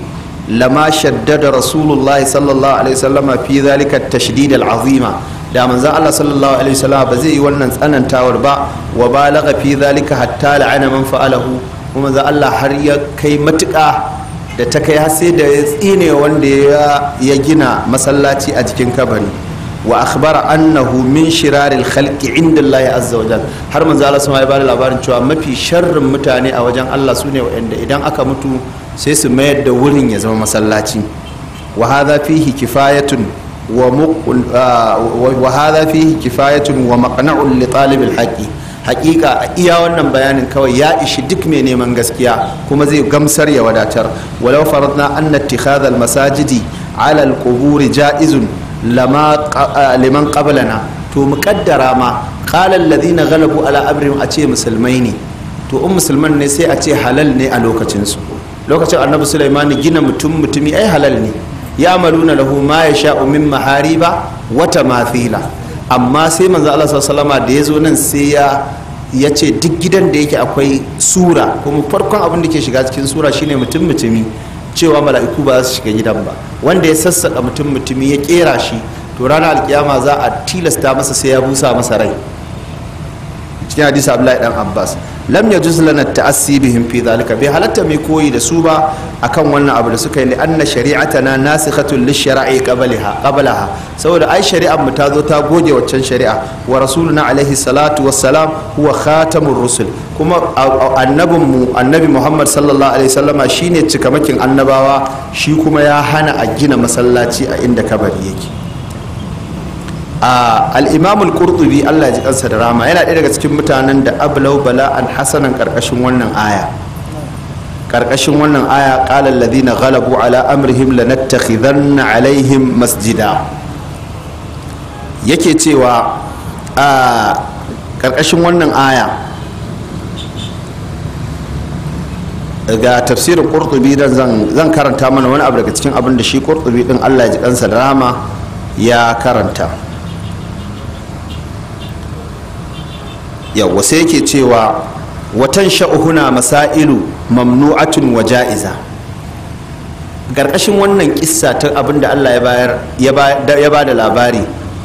[SPEAKER 1] lama shaddada rasulullah sallallahu alaihi wasallama fi zalika tashdid al'azima da manzan Allah sallallahu alaihi wasallama ba zai yi wannan tsanantawar ba wa balaga fi zalika hatta la'ana man fa'alahu kuma Allah har ya kai matuƙa da ta kai sai da ya tsine wanda ya gina masallaci a jikin kabari wa akhbara annahu min shiraril khalqi inda Allah azza wajal har manzo Allah ya bada labarin cewa mafi sharrin mutane a wajen Allah sune waɗanda idan aka mutu sai su mayar da wurin ya zama masallaci wa hada fihi kifayatun wa ah, hadha wa maqna'un li talibil hakika a iya wannan bayanin kawai ya ishi duk mai neman gaskiya kuma zai gamsar ya wadatar walau faradna anna ittikhadha masajidi ala al jaizun lama ah, liman qablana to muqaddara ma qala alladhina ghalabu ala amrihim a ce musulmai ne to in musulman ne sai a ce halal ne a lokacin su lokacin annabi sulaimani gina mutum mutumi ai halal ne ya maluna lahu ma ya umin mahari ba wata mafila amma sai manzo Allah sallama da ya zo nan sai ya ya ce duk gidan da yake akwai sura kuma farkon abin da ke shiga cikin sura shine mutum mutumi cewa mala'iku ba za su shiga gidan ba wanda ya sassaka mutum mutumi ya kera shi to ranar alkiyama za a tilasta masa sai ya busa masa rai cikin hadisi abdullahi dan abbas lam yajuz lana ta'assi bihim fi zalika bai halatta mai koyi da su ba akan wannan abu da suka yi li'anna shari'atana nasikhatun lishara'i qablaha qablaha saboda ai shari'ar mu ta zo ta goge waccan shari'a wa rasuluna alaihi salatu wassalam huwa khatamur rusul kuma annabin mu annabi muhammad sallallahu alaihi wasallama shine cikamakin annabawa shi kuma ya hana a gina masallaci a inda kabari yake A al'imamul qurtubi allah ji kansa da rama yana ɗaya daga cikin mutanen da Bala bala'an hasanan karkashin wannan aya karkashin wannan aya qala ladina galabu ala amrihim lanattakhidanna alaihim masjida yake cewa a karkashin wannan aya ga tafsirin qurtubi don zan karanta mana wani abu daga cikin abin da shi qurtubi ɗin Allah ji kansa da rama ya karanta yawa sai yake cewa watan sha'uhuna masailu mamnu'atun wa ja'iza ƙarƙashin wannan kissa ta abin da Allah ya ba da labari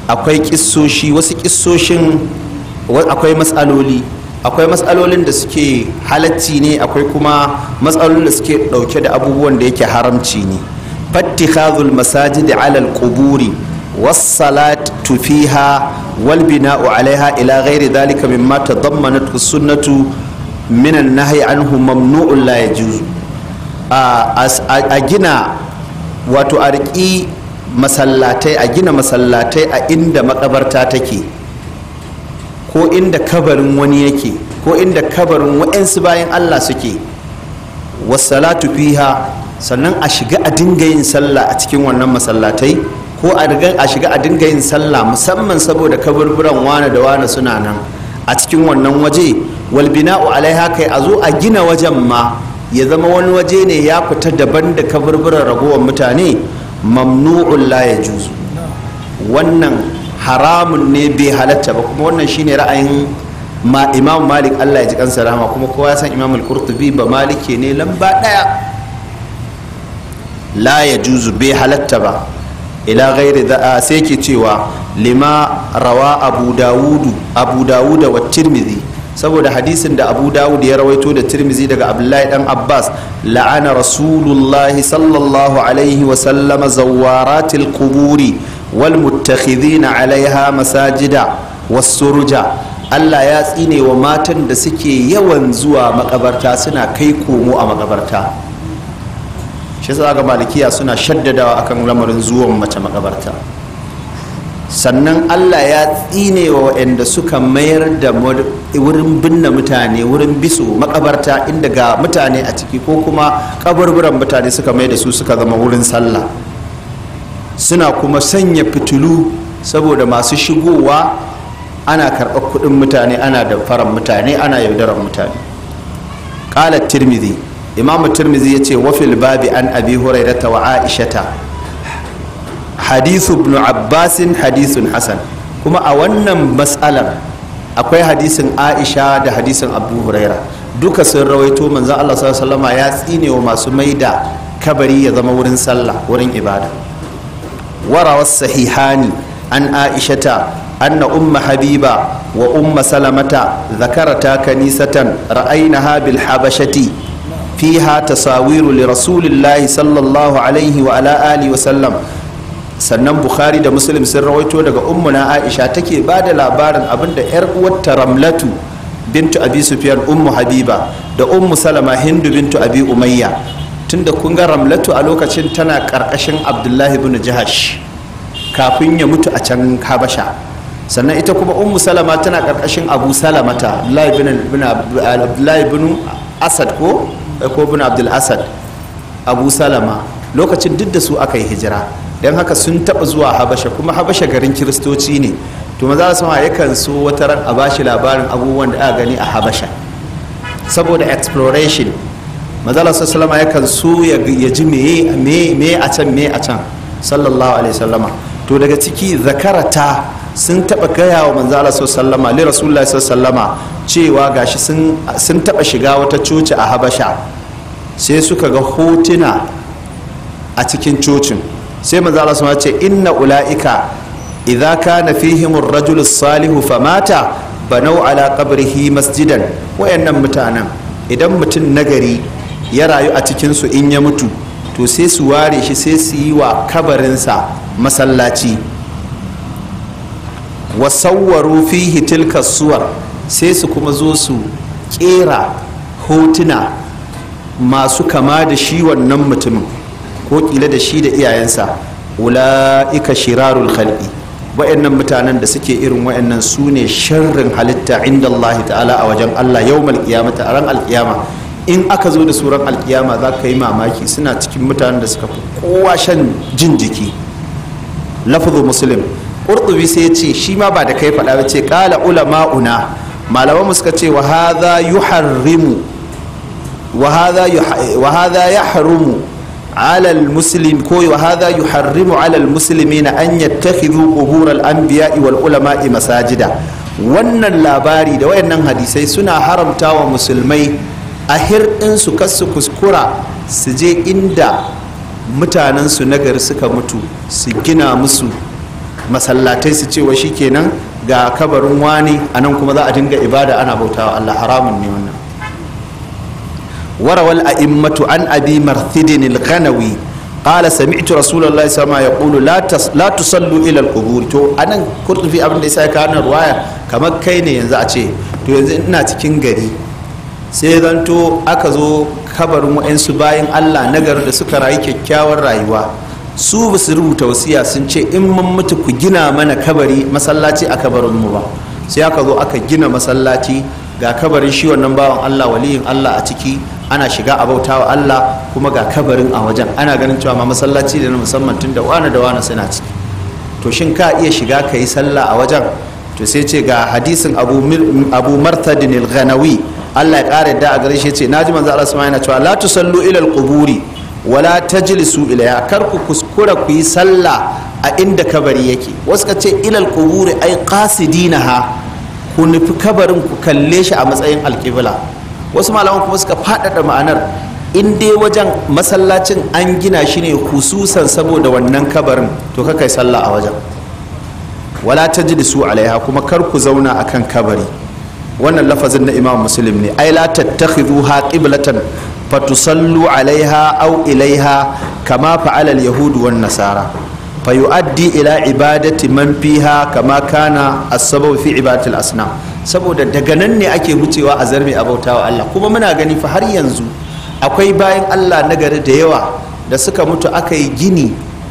[SPEAKER 1] akwai kissoshi wasu kissoshin akwai matsaloli akwai matsalolin da suke halacci ne akwai kuma matsalolin da suke ɗauke da abubuwan da yake haramci ne fattihazul masajid alal ƙuburi, wasu salat fiha wal bina'u alaiha ila ghairi dhalika mimma tadammanat sunnatu min an-nahyi anhu mamnu'un la yajuzu a gina riƙi masallatai a gina masallatai a inda makabarta take ko inda kabarin wani yake ko inda kabarin wa'yansu bayan Allah suke wasalatu fiha sannan a shiga a dinga yin sallah a cikin wannan masallatai ko a a shiga a dinga yin sallah musamman saboda kaburburan wane da wane suna nan a cikin wannan waje walbina'u bina'u alaiha kai a zo a gina wajen ma ya zama wani waje ne ya fita daban da kaburburan ragowar mutane mamnu'un la juzu wannan haramun ne bai halatta ba kuma wannan shine ra'ayin ma imam malik allah ya ji kansa rahama kuma kowa ya san imam al-qurtubi ba malike ne lamba daya la juzu bai halatta ba ila gairi da sai ke cewa lima rawa abu dawudu abu dawuda wa tirmizi saboda hadisin da abu dawud ya rawaito da tirmizi daga abdullahi dan abbas la'ana rasulullah sallallahu alaihi wa sallama zawaratil quburi wal na alaiha masajida was ruja Allah ya tsine wa matan da suke yawan zuwa makabarta suna kai komo a makabarta shi sa ga malikiya suna shaddadawa akan lamarin zuwan mace makabarta sannan allah ya tsine wa waɗanda suka mayar da wurin binne mutane wurin biso makabarta inda ga mutane a ciki ko kuma kaburburan mutane suka mai da su suka zama wurin sallah suna kuma sanya fitilu saboda masu shigowa ana karɓar kuɗin mutane ana damfarar mutane ana yaudarar mutane ƙalar tirmidhi imamu turmizi ya ce wafil babi an abi hurairata wa aishata hadisu ibn abbasin hadisun hasan kuma a wannan matsalar akwai hadisin aisha da hadisin abu huraira duka sun rawaito manzan allah sallama ya tsine wa masu maida kabari ya zama wurin sallah wurin ibada warawa sahihani an aishata أن أم حبيبة وأم سلمة kanisatan كنيسة رأينها Habashati. fiha tasawiru li الله sallallahu alaihi عليه وعلى wa sallam sannan bukhari da muslim sun rawaito daga ummuna aisha take ba da labarin abinda yar uwarta ramlatu bintu abi sufyan ummu habiba da ummu salama hindu bintu abi umayya tunda kun ga ramlatu a lokacin tana karkashin abdullahi bin jahash kafin ya mutu a can habasha sannan ita kuma ummu salama tana karkashin abu salamata abdullahi bin asad ko ko bin abdul asad abu salama lokacin duk da su aka yi hijira don haka sun taɓa zuwa habasha kuma habasha garin kiristoci ne to maza su ma yakan so wata ran a bashi labarin abubuwan da aka gani a habasha saboda exploration maza su salama yakan so ya ji me a can me a can sallallahu alaihi sallama to daga ciki zakarata sun taɓa gaya wa manzo Allah sallama li rasulullahi sallama cewa gashi sun sun taɓa shiga wata coci a Habasha sai suka ga hotuna a cikin cocin sai manzo Allah sallama ce inna ulaika idza kana fihim ar-rajulu salihu famata banau ala qabrihi masjidan wayannan mutanen idan mutum nagari ya rayu a cikin su in ya mutu to sai su ware shi sai su yi wa kabarinsa masallaci wa sawwaru fihi tilka suwar sai su kuma zo su kera hotuna masu kama da shi wannan mutumin ko kila da shi da iyayensa ula'ika shirarul khalqi wa'annan mutanen da suke irin wa'annan su ne sharrin halitta inda Allah ta'ala a wajen Allah yau malkiyama ta ran alkiyama in aka zo da suran alkiyama za ka yi mamaki suna cikin mutanen da suka fi kowa shan jin jiki lafazin muslim qurtubi sai ce shi ma ba da kai faɗa ba ce qala ula malaman mu suka ce wa hadha yuharrimu wa hadha wa hadha yahrumu على an كوي وهذا يحرم على المسلمين أن masajida wannan labari da wayannan hadisai suna haramta wa musulmai a hirɗin su kasu kuskura su je inda mutanensu na gari suka mutu su gina musu masallatai su cewa kenan ga kabarin wani a nan kuma za a dinga ibada ana bautawa Allah haramun ne wannan warawal a'immatu an abi marthidin al-ghanawi qala sami'tu rasulullahi sama yaqulu la tas la tusallu ila al-qubur to anan kurtufi abin da yasa ka nan ruwaya kamar kai ne yanzu a ce to yanzu ina cikin gari sai zanto aka zo kabarin wa'ansu bayan Allah na garin da suka rayu kyakkyawar rayuwa su ba su rubuta wasiya sun ce in mun mutu ku gina mana kabari masallaci a kabarin mu ba sai aka zo aka gina masallaci ga kabarin shi wannan bawan Allah waliyin Allah a ciki ana shiga a bautawa Allah kuma ga kabarin a wajen ana ganin cewa ma masallaci da na musamman tun da wani da wani suna ciki to shin ka iya shiga ka yi sallah a wajen to sai ce ga hadisin abu martadin al-ghanawi Allah ya kare da a gare shi ce ji manzo Allah subhanahu wa ta'ala la tusallu ila al-quburi wala ta jilisu ilaya kar ku kuskura ku yi sallah a inda kabari yake wasu ka ce ilal kuburi ai ha ku nufi kabarin ku kalle shi a matsayin alkibla wasu malaman kuma suka faɗaɗa ma'anar in dai wajen masallacin an gina shi ne hususan saboda wannan kabarin to ka kai sallah a wajen wala ta su alaiha kuma kar ku zauna akan kabari wannan lafazin na imam muslim ne ai la tattakhidhuha qiblatan fatusallu alaiha au ilaiha kama fa'ala yahudu wan nasara fa yu'addi ila ibadati man fiha kama kana as-sabab fi ibadatil asnam saboda daga nan ne ake wucewa a zarmi a wa Allah kuma muna gani fa har yanzu akwai bayan Allah na gari da yawa da suka mutu aka yi gini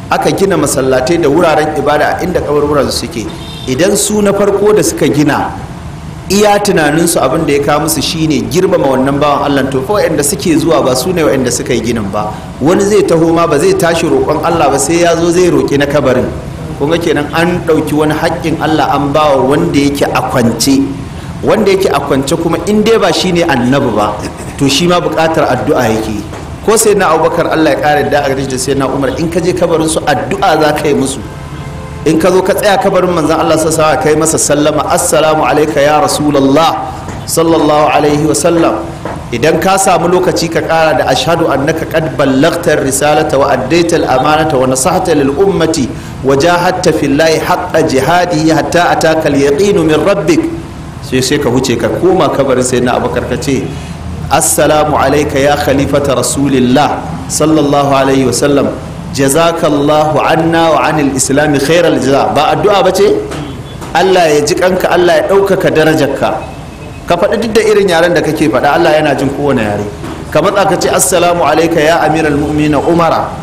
[SPEAKER 1] aka gina masallatai da wuraren ibada inda kaburburan suke idan su na farko da suka gina iya tunaninsu abin da ya kawo musu shine girmama wannan bawan Allah to fa waɗanda suke zuwa ba su ne waɗanda suka yi ginin ba wani zai taho ma ba zai tashi roƙon Allah ba sai ya zo zai roƙi na kabarin kun kenan an ɗauki wani haƙƙin Allah an bawa wanda yake a kwance wanda yake a kwance kuma in dai ba shine annabi ba to shi ma buƙatar addu'a yake ko sai na Abubakar Allah ya ƙara da a da sai na Umar in ka je kabarin su addu'a za ka yi musu in ka zo ka tsaya kabarin manzan Allah sassa kai masa sallama assalamu alaika ya rasulallah sallallahu alaihi wa sallam idan ka samu lokaci ka kara da ashadu annaka qad ballaghta risalata wa addaita al-amanata wa nasahta lil ummati wa jahadta fillahi haqqa jihadi hatta ataka al-yaqin min rabbik sai sai ka huce ka koma kabarin sayyidina abubakar ka ce assalamu alaika ya khalifata rasulillah sallallahu alaihi wa sallam. jazakallahu anna wa anil islami khairal jaza ba addu'a ba ce Allah ya ji kanka Allah ya ɗaukaka darajarka ka faɗi duk da irin yaren da kake faɗa Allah yana jin kowane yare ka matsa ka ce assalamu alaika ya amiral mu'mina umara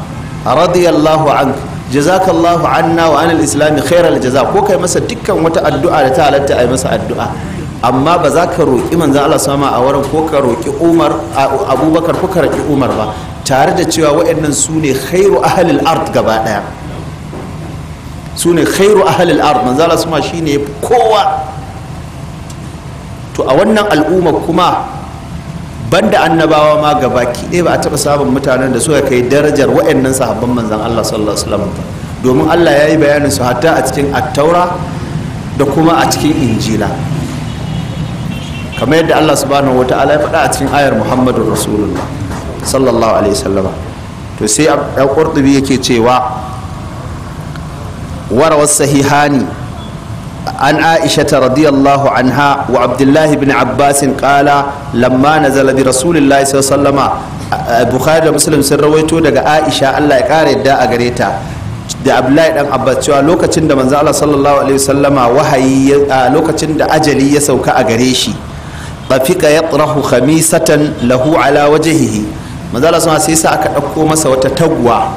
[SPEAKER 1] radiyallahu anka jazakallahu anna wa anil islami khairal jaza ko kai masa dukkan wata addu'a da ta halatta a yi masa addu'a amma ba za ka roƙi manzo Allah sama a wurin ko ka roƙi Umar Abubakar ko ka roƙi Umar ba tare da cewa waɗannan su ne khairu ahalil art gaba ɗaya su ne khairu ahalil art manzala suma shi ne kowa to a wannan al'umma kuma banda annabawa ma gaba ɗaya ba a taɓa sabon mutanen da suka kai darajar waɗannan sahabban manzan Allah sallallahu alaihi wasallam domin Allah ya yi bayanin su hatta a cikin attaura da kuma a cikin injila kamar yadda Allah subhanahu wataala ya faɗa a cikin ayar Muhammadu Rasulullah sallallahu alaihi sallama to sai al-qurtubi yake cewa warawa sahihani an ta radiyallahu anha wa abdullahi bin abbasin kala lamma nazala bi rasulillahi sallama bukhari da muslim sun rawaito daga aisha allah ya ƙara yadda a gare ta da abdullahi dan abbas cewa lokacin da manzo allah sallallahu alaihi wasallama wahayi lokacin da ajali ya sauka a gare shi tafika yatrahu khamisatan lahu ala wajhihi manzala suna sai sa aka ɗauko masa wata taguwa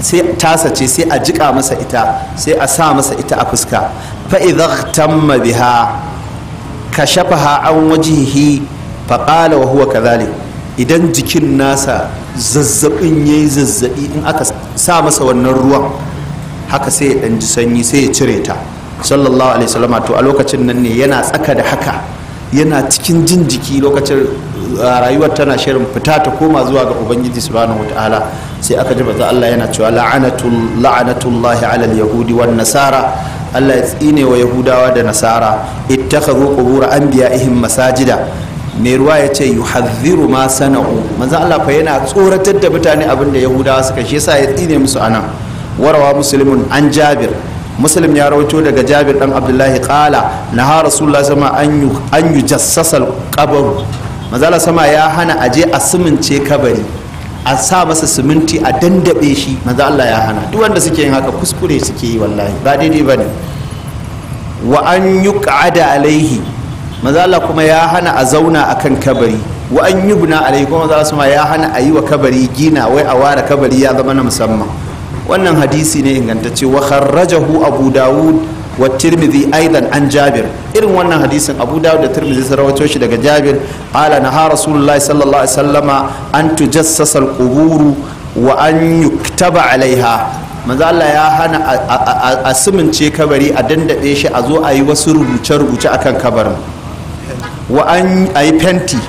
[SPEAKER 1] sai tasa ce sai a jiƙa masa ita sai a sa masa ita a fuska fa'idha tamma biha kashafaha an wajihi faƙala wa huwa kazalik idan jikin nasa zazzabin ya yi zazzabi in aka sa masa wannan ruwan haka sai ya ɗan ji sanyi sai ya cire ta sallallahu alaihi wasallam to a lokacin nan ne yana tsaka da haka yana cikin jin jiki lokacin rayuwar tana shirin fita ta koma zuwa ga ubangiji subhanahu wataala sai aka ji maza Allah yana cewa la'anatul la'anatullahi alal yahudi wan nasara Allah ya tsine wa yahudawa da nasara ita ittakhadhu qubur anbiya'ihim masajida mai ruwa ya ce yuhadhiru ma sana'u maza Allah fa yana tsoratar da mutane abinda da yahudawa suka shi yasa ya tsine musu anan warawa muslimun an jabir muslim ya rawaito daga jabir dan abdullahi qala naha rasulullah sama an jassasal qabr manzala sama ya hana a je a sumince kabari a sa masa siminti a dandabe shi manzo Allah ya hana duk wanda suke yin haka kuskure suke yi wallahi ba daidai bane wa an yuqada alaihi manzo Allah kuma ya hana a zauna akan kabari wa an yubna alaihi kuma manzo Allah ya hana a yi wa kabari gina wai a ware kabari ya zama na musamman wannan hadisi ne ingantacce wa kharrajahu abu dawud wa tirmidhi aidan an jabir irin wannan hadisin abu dawud da tirmidhi sun rawaito shi daga jabir ala ha rasulullahi sallallahu alaihi wasallama an tujassasa alquburu wa an yuktaba alaiha manzo Allah ya hana a simince kabari a dandade shi a zo a yi wasu rubuce rubuce akan kabarin wa an ayi fenti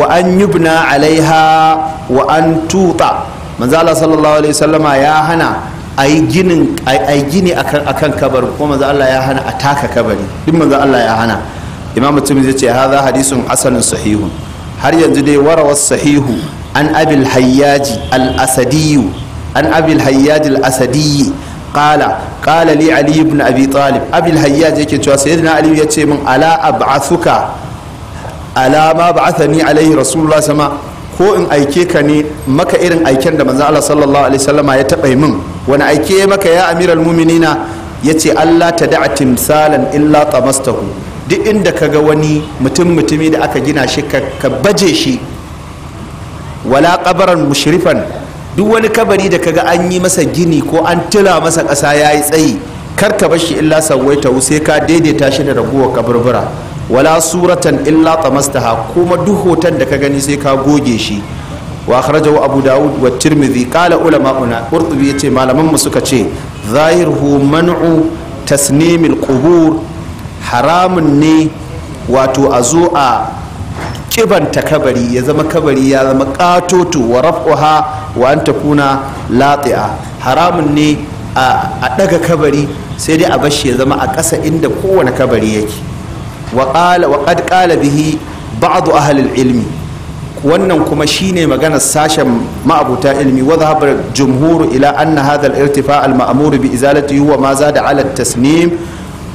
[SPEAKER 1] wa an yubna alaiha wa an tuta manzo Allah sallallahu alaihi wasallama ya hana a yi gini a kan kabarin kuma maza Allah ya hana a taka kabari duk maza Allah ya hana imam mutum zai ce za hadisun Asalin sahihu, har yanzu dai warawa sahihu an abil hayyaji al-asadiyu an abil hayyaji al-asadiyyi qala qala li ali ibn abi talib abil hayyaji yake cewa sayyidina ali ya ce min ala ab'athuka ala ma ba'athani alaihi rasulullah sama ko in aike ka ne maka irin aiken da manzo Allah sallallahu alaihi wasallama ya taɓa min wani aike maka ya amiral muminina ya ce allah ta da'a timsalan illa tamastahu duk inda ka ga wani mutum mutumi da aka gina shi ka baje shi wala kabaran mushrifan duk wani kabari da ka ga an yi masa gini ko an tila masa ƙasa ya yi tsayi kar ka bar shi illa sawaita sai ka daidaita shi da raguwar kaburbura wala suratan illa tamastaha kuma duk hoton da ka gani sai ka goge shi wa akhrajahu abu dawud wa tirmidhi qala ulama'una qurtubi yace malaman mu suka ce zahiruhu man'u tasnimil qubur haramun ne wato a zo a kibanta kabari ya zama kabari ya zama katoto wa raf'uha wa an takuna lati'a haramun ne a daga kabari sai dai a bashi ya zama a ƙasa inda kowane kabari yake wa qad qala bihi ba'd ahli ilmi wannan kuma shine maganar sashen ma'abuta ilmi wa zahabar jumhur ila anna hadha al-irtifa al-ma'mur bi izalati huwa ma zada ala tasnim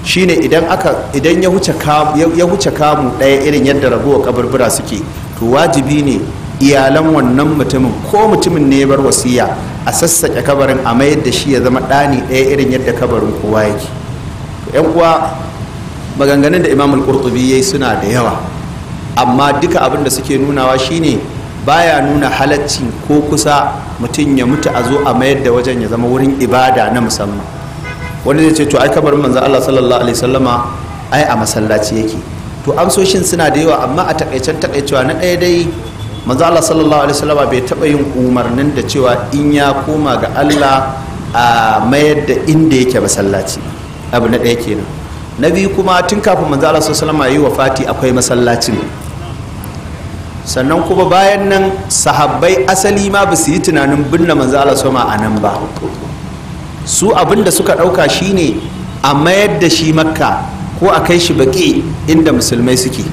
[SPEAKER 1] shine idan aka idan ya huce kamu ya huce kamu daya irin yadda rabuwa kaburbura suke to wajibi ne iyalan wannan mutumin ko mutumin ne bar wasiya a sassaƙe kabarin a mayar da shi ya zama ɗani ɗaya irin yadda kabarin kowa yake yan uwa maganganun da imamul qurtubi yayi suna da yawa amma duka abin da suke nunawa shine baya nuna halacci ko kusa mutum ya mutu a zo a mayar da wajen ya zama wurin ibada na musamman Wani zai ce to ai kabarin manzo Allah sallallahu alaihi wasallama ai a masallaci yake to amsoshin suna da yawa amma a takaicen takaicewa na ɗaya dai manzo Allah sallallahu alaihi wasallama bai taba yin umarnin da cewa in ya koma ga Allah a mayar da inda yake masallaci abu na ɗaya kenan na biyu kuma tun kafin manzo Allah sallallahu alaihi wasallama yi wafati akwai masallacin sannan kuma bayan nan sahabbai asali ma ba su yi tunanin binne manzo Allah sama a nan ba su abin da suka ɗauka shine a mayar da shi makka ko a kai shi baƙi inda musulmai suke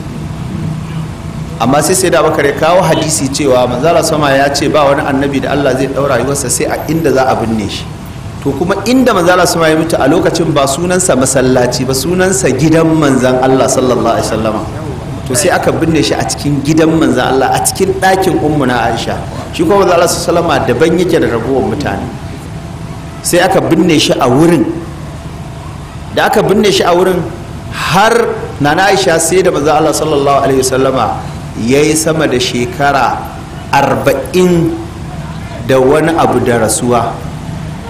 [SPEAKER 1] amma sai sai da bakar ya kawo hadisi cewa Allah sama ya ce ba wani annabi da Allah zai ɗaura rayuwarsa sai a inda za a binne shi to kuma inda Allah sama ya mutu a lokacin ba sunansa masallaci ba sunansa gidan manzan Allah sallallahu alaihi wasallam to sai aka binne shi a cikin gidan manzan Allah a cikin ɗakin na Aisha shi kuma manzan Allah sallama daban yake da rabuwar mutane sai aka binne shi a wurin da aka binne shi a wurin har nana Aisha sai da manzan Allah sallallahu alaihi wasallama yayi sama da shekara arba'in da wani abu da rasuwa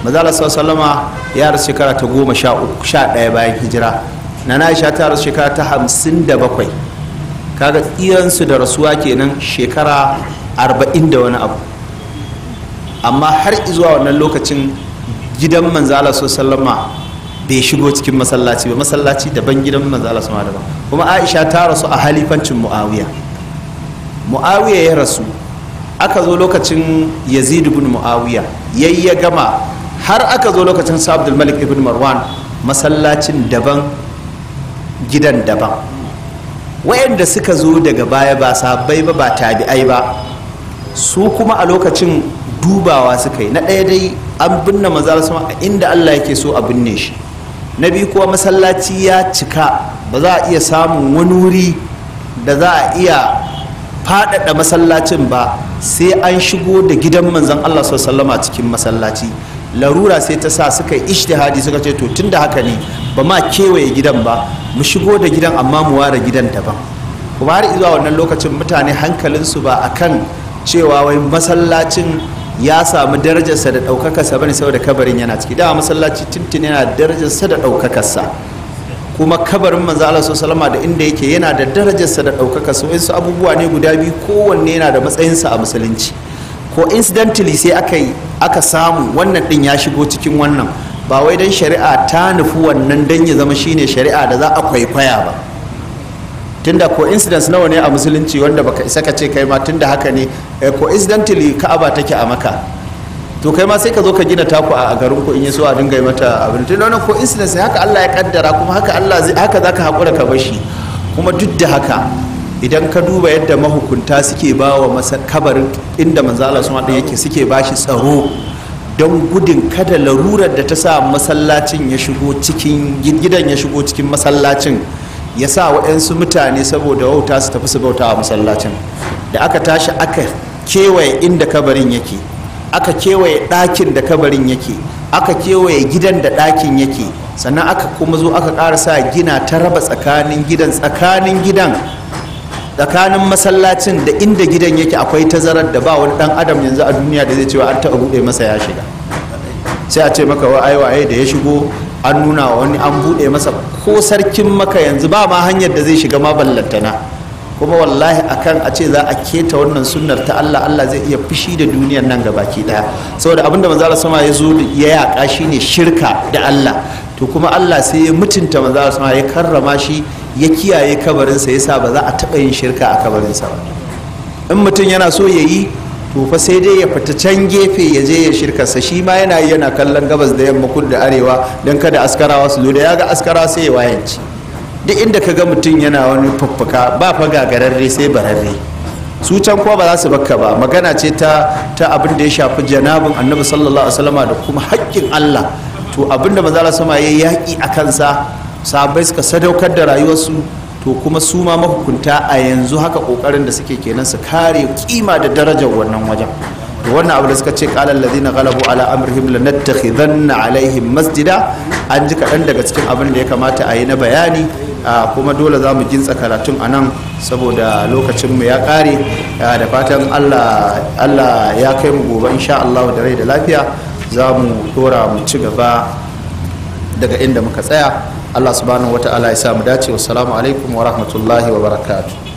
[SPEAKER 1] manzan Allah sallallahu alaihi ya rasu shekara ta goma sha ɗaya bayan hijira nana Aisha ta rasu shekara ta hamsin da bakwai kaga tsiransu da rasuwa kenan shekara arba'in da wani abu amma har zuwa wannan lokacin gidan manzala so sallama bai shigo cikin masallaci ba masallaci daban gidan manzala su daban kuma aisha ta rasu a halifancin mu'awiya mu'awiya ya rasu aka zo lokacin yazid ibn mu'awiya yayi ya gama har aka zo lokacin sa malik ibn marwan masallacin daban gidan daban wayanda suka zo daga baya ba sabai ba ba tabi'ai ba su kuma a lokacin dubawa suka yi na ɗaya dai an binne maza su a inda Allah yake so a binne shi na biyu kuwa masallaci ya cika ba za a iya samun wani wuri da za a iya faɗaɗa masallacin ba sai an shigo da gidan manzon Allah sallama cikin masallaci larura sai ta sa suka yi ishtihadi suka ce to tun da haka ne ba ma kewaye gidan ba mu shigo da gidan amma mu ware gidan daban kuma har zuwa wannan lokacin mutane hankalinsu ba a kan cewa wai masallacin ya samu darajarsa da ɗaukakarsa bane saboda kabarin yana ciki dama masallaci tintin yana darajarsa da ɗaukakarsa kuma kabarin manzo Allah salama da inda yake yana da darajarsa da ɗaukakarsa su abubuwa ne guda biyu kowanne yana da matsayinsa a musulunci ko incidentally sai aka yi aka samu wannan din ya shigo cikin wannan ba wai dan shari'a ta nufi wannan dan ya zama shine shari'a da za a kwaikwaya ba tunda ko incidents nawa ne a musulunci wanda baka isa ka ce kai ma tunda haka ne ko eh, incidentally ka'aba take a maka to kai ma sai ka zo ka gina taku a garin ku in yaso a dinga mata abin tunda wannan ko incidents haka Allah ya kaddara kuma haka Allah haka zaka hakura ka bashi kuma duk da haka idan ka duba yadda mahukunta suke ba wa kabarin inda manzala sun haɗa yake suke ba shi tsaro don gudun kada larurar da ta sa masallacin ya shigo cikin gidan ya shigo cikin masallacin ya sa waɗansu mutane saboda wauta su tafi su bauta a masallacin da aka tashi aka kewaye inda kabarin yake aka kewaye ɗakin da kabarin yake aka kewaye gidan da ɗakin yake sannan aka kuma zo aka ƙara sa gina ta raba tsakanin gidan tsakanin gidan tsakanin masallacin da inda gidan yake akwai tazarar da ba wani dan adam yanzu a duniya da zai cewa an taɓa buɗe masa ya shiga sai a ce maka wa ai waye da ya shigo an nuna wa wani an buɗe masa ko sarkin maka yanzu ba ma hanyar da zai shiga ma ballantana kuma wallahi akan a ce za a keta wannan sunnar ta Allah Allah zai iya fushi da duniyar nan gabaki daya saboda abinda manzo Allah sama ya zo ya yaka shine shirka da Allah to kuma Allah sai ya mutunta manzo Allah sama ya karrama shi ya kiyaye kabarinsa yasa ba za a taɓa yin shirka a kabarinsa ba in mutum yana so ya yi to fa sai dai ya fita can gefe ya je ya shirka sa. shi ma yana yana kallon gabas da yamma kudu da arewa don kada askarawa su lura ya ga askarawa sai ya wayanci duk inda ka ga mutum yana wani fuffuka ba fa gagararre sai bararre su can kuwa ba za su bakka ba magana ce ta ta abin da ya shafi janabin annabi sallallahu alaihi wasallama da kuma haƙƙin Allah to abin da manzo Allah sama yayi yaƙi a kansa sahabbai suka sadaukar da rayuwarsu to kuma su ma mahukunta a yanzu haka kokarin da suke kenan su kare kima da darajar wannan wajen to wannan abu da suka ce qala allazina ghalabu ala amrihim lanattakhidanna alaihim masjida an ji kaɗan daga cikin abin da ya kamata a yi na bayani kuma dole za mu gintsa karatun a nan saboda lokacinmu ya ƙare da fatan allah ya kai mu gobe insha allah da rai da lafiya za mu dora mu ci gaba daga inda muka tsaya Allah subhanahu wata'ala ya samu dace Salamu alaikum wa rahmatullahi wa barakatu